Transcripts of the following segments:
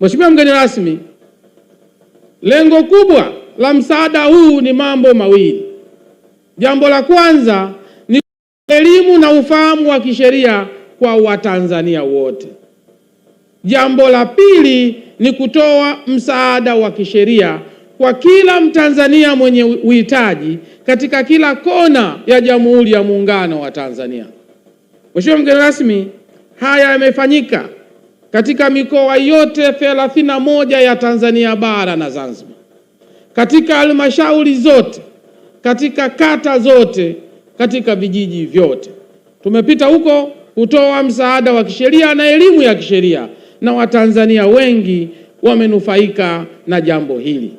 Mheshimiwa mgeni rasmi, lengo kubwa la msaada huu ni mambo mawili. Jambo la kwanza ni elimu na ufahamu wa kisheria kwa Watanzania wote. Jambo la pili ni kutoa msaada wa kisheria kwa kila Mtanzania mwenye uhitaji katika kila kona ya Jamhuri ya Muungano wa Tanzania. Mheshimiwa mgeni rasmi, haya yamefanyika katika mikoa yote thelathini na moja ya Tanzania bara na Zanzibar, katika halmashauri zote, katika kata zote, katika vijiji vyote. Tumepita huko kutoa msaada wa kisheria na elimu ya kisheria, na Watanzania wengi wamenufaika na jambo hili.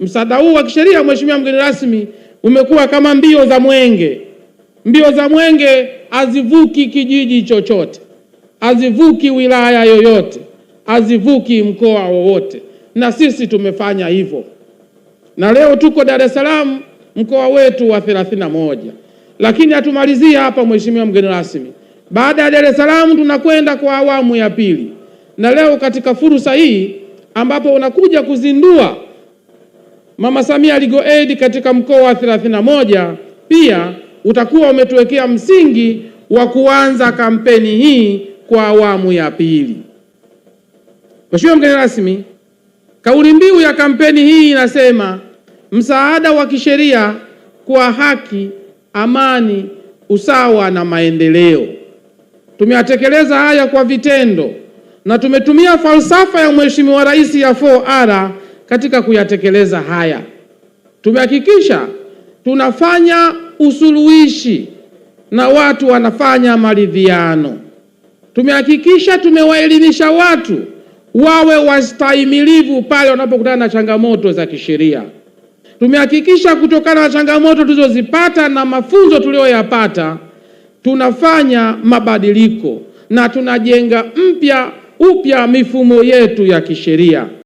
Msaada huu wa kisheria, Mheshimiwa mgeni rasmi, umekuwa kama mbio za mwenge. Mbio za mwenge hazivuki kijiji chochote hazivuki wilaya yoyote, hazivuki mkoa wowote, na sisi tumefanya hivyo, na leo tuko Dar es Salaam, mkoa wetu wa 31. Lakini hatumalizia hapa, mheshimiwa mgeni rasmi. Baada ya Dar es Salaam tunakwenda kwa awamu ya pili, na leo katika fursa hii ambapo unakuja kuzindua Mama Samia Legal Aid katika mkoa wa 31, pia utakuwa umetuwekea msingi wa kuanza kampeni hii kwa awamu ya pili. Mheshimiwa mgeni rasmi, kauli mbiu ya kampeni hii inasema msaada wa kisheria kwa haki, amani, usawa na maendeleo. Tumeyatekeleza haya kwa vitendo na tumetumia falsafa ya Mheshimiwa Rais ya 4R katika kuyatekeleza haya. Tumehakikisha tunafanya usuluhishi na watu wanafanya maridhiano. Tumehakikisha tumewaelimisha watu wawe wastahimilivu pale wanapokutana na changamoto za kisheria. Tumehakikisha kutokana na changamoto tulizozipata na mafunzo tuliyoyapata, tunafanya mabadiliko na tunajenga mpya upya mifumo yetu ya kisheria.